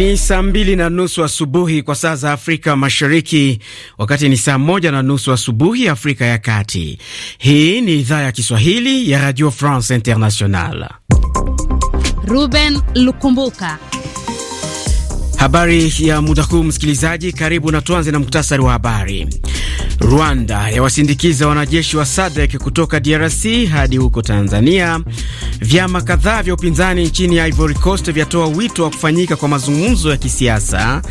Ni saa mbili na nusu asubuhi kwa saa za Afrika Mashariki, wakati ni saa moja na nusu asubuhi Afrika ya Kati. Hii ni idhaa ya Kiswahili ya Radio France International. Ruben Lukumbuka, habari ya muda huu msikilizaji, karibu na tuanze na muktasari wa habari. Rwanda yawasindikiza wanajeshi wa SADC kutoka DRC hadi huko Tanzania. Vyama kadhaa vya upinzani nchini Ivory Coast vyatoa wito wa kufanyika kwa mazungumzo ya kisiasa,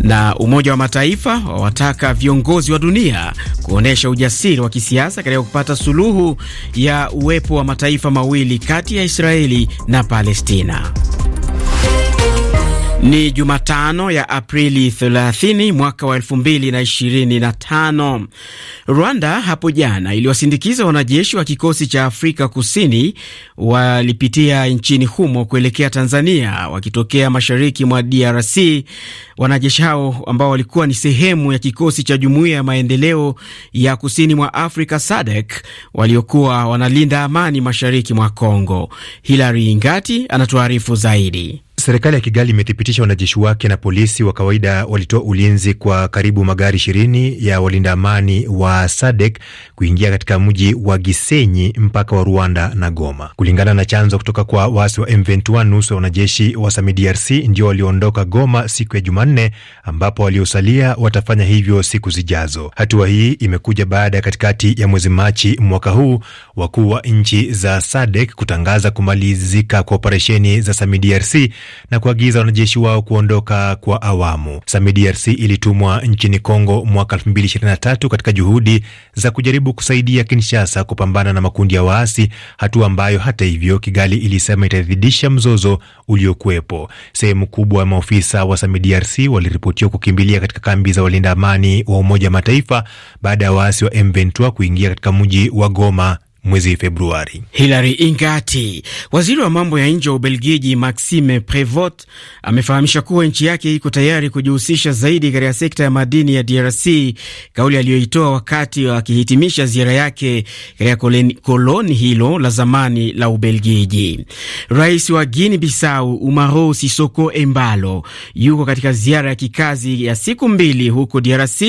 na Umoja wa Mataifa wawataka viongozi wa dunia kuonyesha ujasiri wa kisiasa katika kupata suluhu ya uwepo wa mataifa mawili kati ya Israeli na Palestina. Ni Jumatano ya Aprili 30 mwaka wa 2025. Rwanda hapo jana iliwasindikiza wanajeshi wa kikosi cha Afrika Kusini walipitia nchini humo kuelekea Tanzania wakitokea mashariki mwa DRC. Wanajeshi hao ambao walikuwa ni sehemu ya kikosi cha Jumuiya ya Maendeleo ya Kusini mwa Afrika SADC waliokuwa wanalinda amani mashariki mwa congo Hilary Ngati anatuarifu zaidi. Serikali ya Kigali imethibitisha wanajeshi wake na polisi wa kawaida walitoa ulinzi kwa karibu magari ishirini ya walinda amani wa SADEK kuingia katika mji wa Gisenyi, mpaka wa Rwanda na Goma, kulingana na chanzo kutoka kwa waasi wa m 21 Nusu ya wanajeshi wa SAMIDRC ndio walioondoka Goma siku ya Jumanne, ambapo waliosalia watafanya hivyo siku zijazo. Hatua hii imekuja baada ya katikati ya mwezi Machi mwaka huu wakuu wa nchi za SADEK kutangaza kumalizika kwa operesheni za SAMIDRC na kuagiza wanajeshi wao kuondoka kwa awamu. Sami DRC ilitumwa nchini Kongo mwaka 2023 katika juhudi za kujaribu kusaidia Kinshasa kupambana na makundi ya waasi, hatua ambayo hata hivyo Kigali ilisema itadhidisha mzozo uliokuwepo. Sehemu kubwa ya maofisa wa Sami DRC waliripotiwa kukimbilia katika kambi za walinda amani wa Umoja wa Mataifa baada ya waasi wa M23 kuingia katika mji wa Goma mwezi Februari. Hilary Ingati, waziri wa mambo ya nje wa Ubelgiji Maxime Prevot, amefahamisha kuwa nchi yake iko tayari kujihusisha zaidi katika sekta ya madini ya DRC, kauli aliyoitoa wakati akihitimisha ziara yake katika koloni hilo la zamani la Ubelgiji. Rais wa Guinea Bissau Umaro Sisoko Embalo yuko katika ziara ya kikazi ya siku mbili huko DRC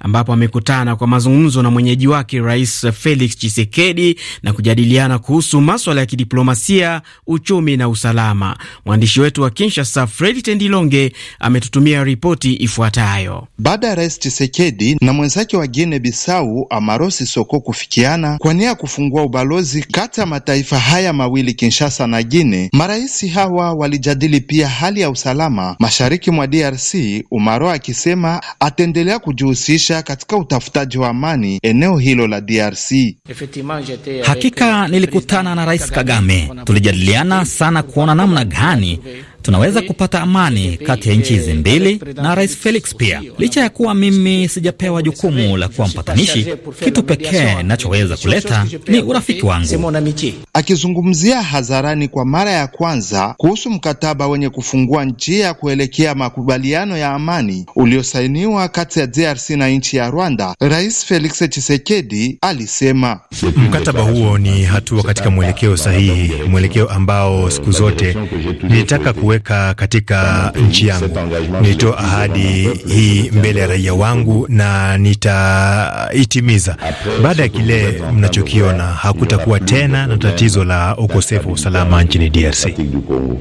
ambapo amekutana kwa mazungumzo na mwenyeji wake Rais Felix chisekedi na kujadiliana kuhusu maswala ya kidiplomasia, uchumi na usalama. Mwandishi wetu wa Kinshasa, Fredi Tendilonge, ametutumia ripoti ifuatayo. Baada ya Rais chisekedi na mwenzake wa guine Bissau Amarosi Soko kufikiana kwa nia ya kufungua ubalozi kati ya mataifa haya mawili, Kinshasa na guine marais hawa walijadili pia hali ya usalama mashariki mwa DRC, Umaro akisema ataendelea kujihusisha katika utafutaji wa amani eneo hilo la DRC. Hakika nilikutana na Rais Kagame, tulijadiliana sana kuona namna gani tunaweza kupata amani kati ya nchi hizi mbili na Rais Felix pia. Licha ya kuwa mimi sijapewa jukumu la kuwa mpatanishi, kitu pekee nachoweza kuleta ni urafiki wangu. Akizungumzia hadharani kwa mara ya kwanza kuhusu mkataba wenye kufungua njia ya kuelekea makubaliano ya amani uliosainiwa kati ya DRC na nchi ya Rwanda, Rais Felix Tshisekedi alisema mkataba huo ni hatua katika mwelekeo sahihi, mwelekeo ambao siku zote nilitaka kuweka katika nchi yangu. Nilitoa ahadi hii mbele ya raia wangu na nitaitimiza. Baada ya kile mnachokiona, hakutakuwa tena na tatizo la ukosefu wa usalama nchini DRC.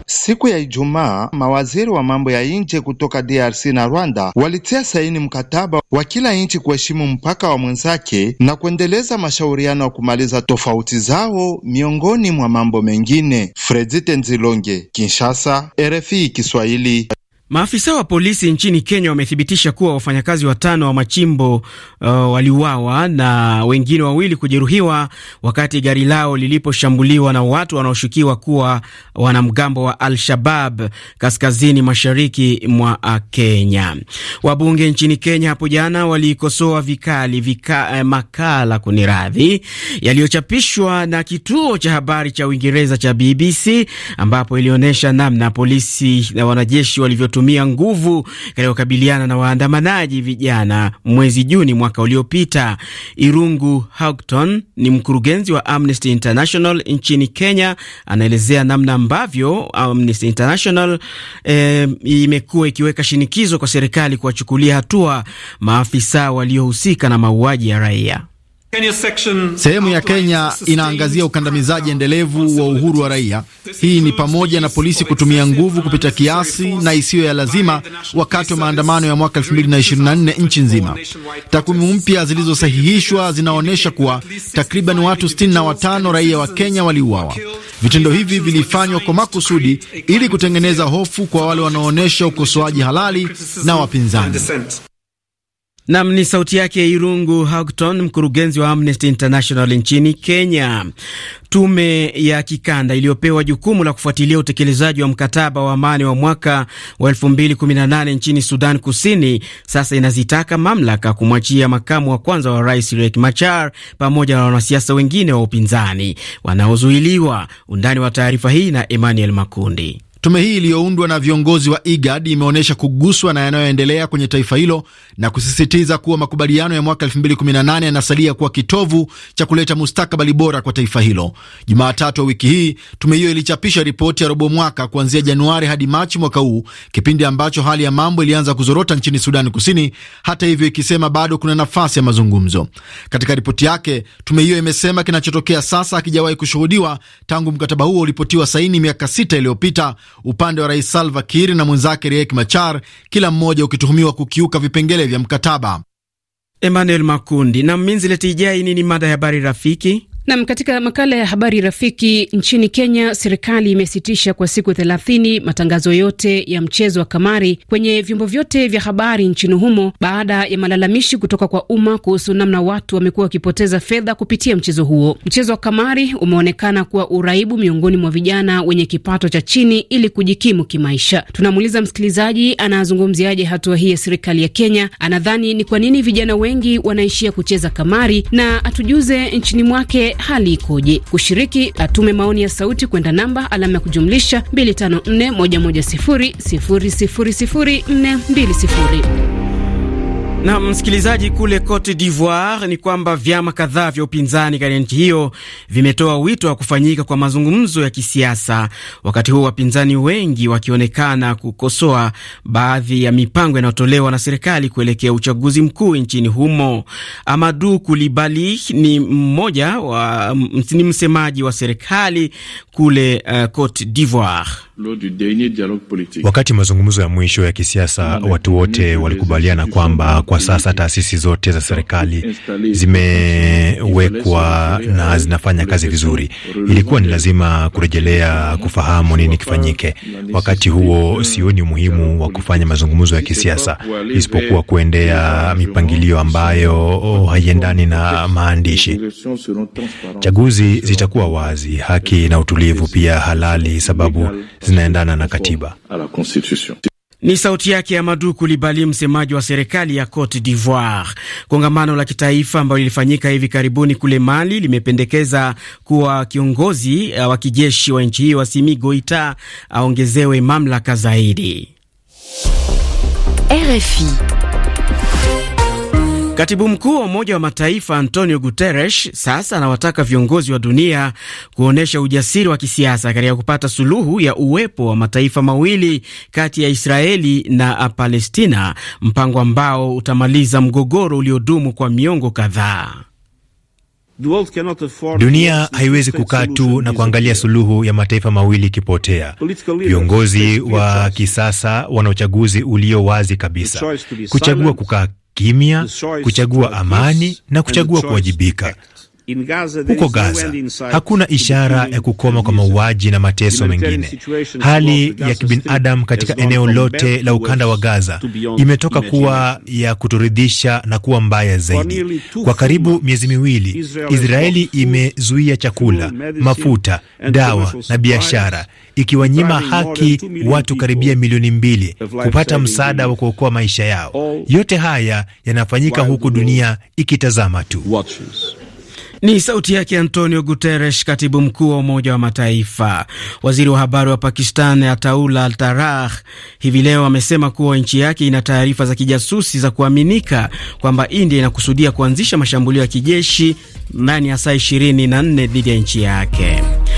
Siku ya Ijumaa, mawaziri wa mambo ya nje kutoka DRC na Rwanda walitia saini mkataba wa kila nchi kuheshimu mpaka wa mwenzake na kuendeleza mashauriano ya kumaliza tofauti zao miongoni mwa mambo mengine. Fredzi tenzilonge Kinshasa, RFI Kiswahili. Maafisa wa polisi nchini Kenya wamethibitisha kuwa wafanyakazi watano wa machimbo uh, waliuawa na wengine wawili kujeruhiwa wakati gari lao liliposhambuliwa na watu wanaoshukiwa kuwa wanamgambo wa Al-Shabab kaskazini mashariki mwa uh, Kenya. Wabunge nchini Kenya hapo jana walikosoa vikali vika, eh, makala radhi yaliyochapishwa na kituo cha habari cha Uingereza cha BBC ambapo ilionyesha namna polisi na wanajeshi walivyo kutumia nguvu katika kukabiliana na waandamanaji vijana mwezi Juni mwaka uliopita. Irungu Houghton ni mkurugenzi wa Amnesty International nchini Kenya, anaelezea namna ambavyo Amnesty International eh, imekuwa ikiweka shinikizo kwa serikali kuwachukulia hatua maafisa waliohusika na mauaji ya raia. Sehemu ya Kenya inaangazia ukandamizaji endelevu wa uhuru wa raia. Hii ni pamoja na polisi kutumia nguvu kupita kiasi na isiyo ya lazima wakati wa maandamano ya mwaka 2024 nchi nzima. Takwimu mpya zilizosahihishwa zinaonyesha kuwa takriban watu 65 raia wa Kenya waliuawa. Vitendo hivi vilifanywa kwa makusudi ili kutengeneza hofu kwa wale wanaoonyesha ukosoaji halali na wapinzani. Nam ni sauti yake Irungu Houghton, mkurugenzi wa Amnesty International nchini Kenya. Tume ya kikanda iliyopewa jukumu la kufuatilia utekelezaji wa mkataba wa amani wa mwaka wa 2018 nchini Sudan Kusini sasa inazitaka mamlaka kumwachia makamu wa kwanza wa rais Riek Machar pamoja na wanasiasa wengine wa upinzani wanaozuiliwa. Undani wa taarifa hii na Emmanuel Makundi. Tume hii iliyoundwa na viongozi wa IGAD imeonyesha kuguswa na yanayoendelea kwenye taifa hilo na kusisitiza kuwa makubaliano ya mwaka 2018 yanasalia kuwa kitovu cha kuleta mustakabali bora kwa taifa hilo. Jumatatu wa wiki hii tume hiyo ilichapisha ripoti ya robo mwaka kuanzia Januari hadi Machi mwaka huu, kipindi ambacho hali ya mambo ilianza kuzorota nchini Sudani Kusini, hata hivyo ikisema bado kuna nafasi ya mazungumzo. Katika ripoti yake, tume hiyo imesema kinachotokea sasa hakijawahi kushuhudiwa tangu mkataba huo ulipotiwa saini miaka sita iliyopita upande wa Rais Salva Kiir na mwenzake Riek Machar, kila mmoja ukituhumiwa kukiuka vipengele vya mkataba. Emmanuel Makundi na Minzileti Ijai. Nini mada ya habari rafiki? Nam, katika makala ya habari rafiki, nchini Kenya, serikali imesitisha kwa siku thelathini matangazo yote ya mchezo wa kamari kwenye vyombo vyote vya habari nchini humo baada ya malalamishi kutoka kwa umma kuhusu namna watu wamekuwa wakipoteza fedha kupitia mchezo huo. Mchezo wa kamari umeonekana kuwa uraibu miongoni mwa vijana wenye kipato cha chini ili kujikimu kimaisha. Tunamuuliza msikilizaji anazungumziaje hatua hii ya serikali ya Kenya, anadhani ni kwa nini vijana wengi wanaishia kucheza kamari, na atujuze nchini mwake hali ikoje? Kushiriki atume uh, maoni ya sauti kwenda namba alama ya kujumlisha 2541100000420. Na msikilizaji, kule Cote d'Ivoire ni kwamba vyama kadhaa vya upinzani katika nchi hiyo vimetoa wito wa kufanyika kwa mazungumzo ya kisiasa, wakati huo wapinzani wengi wakionekana kukosoa baadhi ya mipango inayotolewa na serikali kuelekea uchaguzi mkuu nchini humo. amadu Kulibali ni mmoja wa, ni msemaji wa serikali kule uh, Cote d'Ivoire. Wakati mazungumzo ya mwisho ya kisiasa, watu wote walikubaliana kwamba kwa sasa taasisi zote za serikali zimewekwa na zinafanya kazi vizuri. Ilikuwa ni lazima kurejelea kufahamu nini kifanyike. Wakati huo, sioni umuhimu wa kufanya mazungumzo ya kisiasa, isipokuwa kuendea mipangilio ambayo haiendani na maandishi. Chaguzi zitakuwa wazi, haki na utulivu, pia halali, sababu zinaendana na katiba. Ni sauti yake Amadou Kulibali, msemaji wa serikali ya Cote d'Ivoire. Kongamano la kitaifa ambalo lilifanyika hivi karibuni kule Mali limependekeza kuwa kiongozi eh, wa kijeshi wa nchi hiyo Asimi Goita aongezewe mamlaka zaidi. RFI Katibu mkuu wa Umoja wa Mataifa Antonio Guterres sasa anawataka viongozi wa dunia kuonyesha ujasiri wa kisiasa katika kupata suluhu ya uwepo wa mataifa mawili kati ya Israeli na Palestina, mpango ambao utamaliza mgogoro uliodumu kwa miongo kadhaa. Dunia haiwezi kukaa tu na kuangalia suluhu ya mataifa mawili ikipotea. Viongozi wa kisasa wana uchaguzi ulio wazi kabisa, kuchagua kukaa kimya, kuchagua amani na kuchagua kuwajibika. Huko Gaza hakuna ishara ya kukoma kwa mauaji na mateso mengine. Hali ya kibinadamu katika eneo lote la ukanda wa Gaza imetoka kuwa ya kutoridhisha na kuwa mbaya zaidi. Kwa karibu miezi miwili, Israeli imezuia chakula, mafuta, dawa na biashara, ikiwanyima haki watu karibia milioni mbili kupata msaada wa kuokoa maisha yao. Yote haya yanafanyika huku dunia ikitazama tu. Ni sauti yake Antonio Guterres, katibu mkuu wa Umoja wa Mataifa. Waziri wa habari wa Pakistan Ataula Tarah hivi leo amesema kuwa nchi yake ina taarifa za kijasusi za kuaminika kwamba India inakusudia kuanzisha mashambulio ya kijeshi ndani ya saa 24 dhidi ya nchi yake.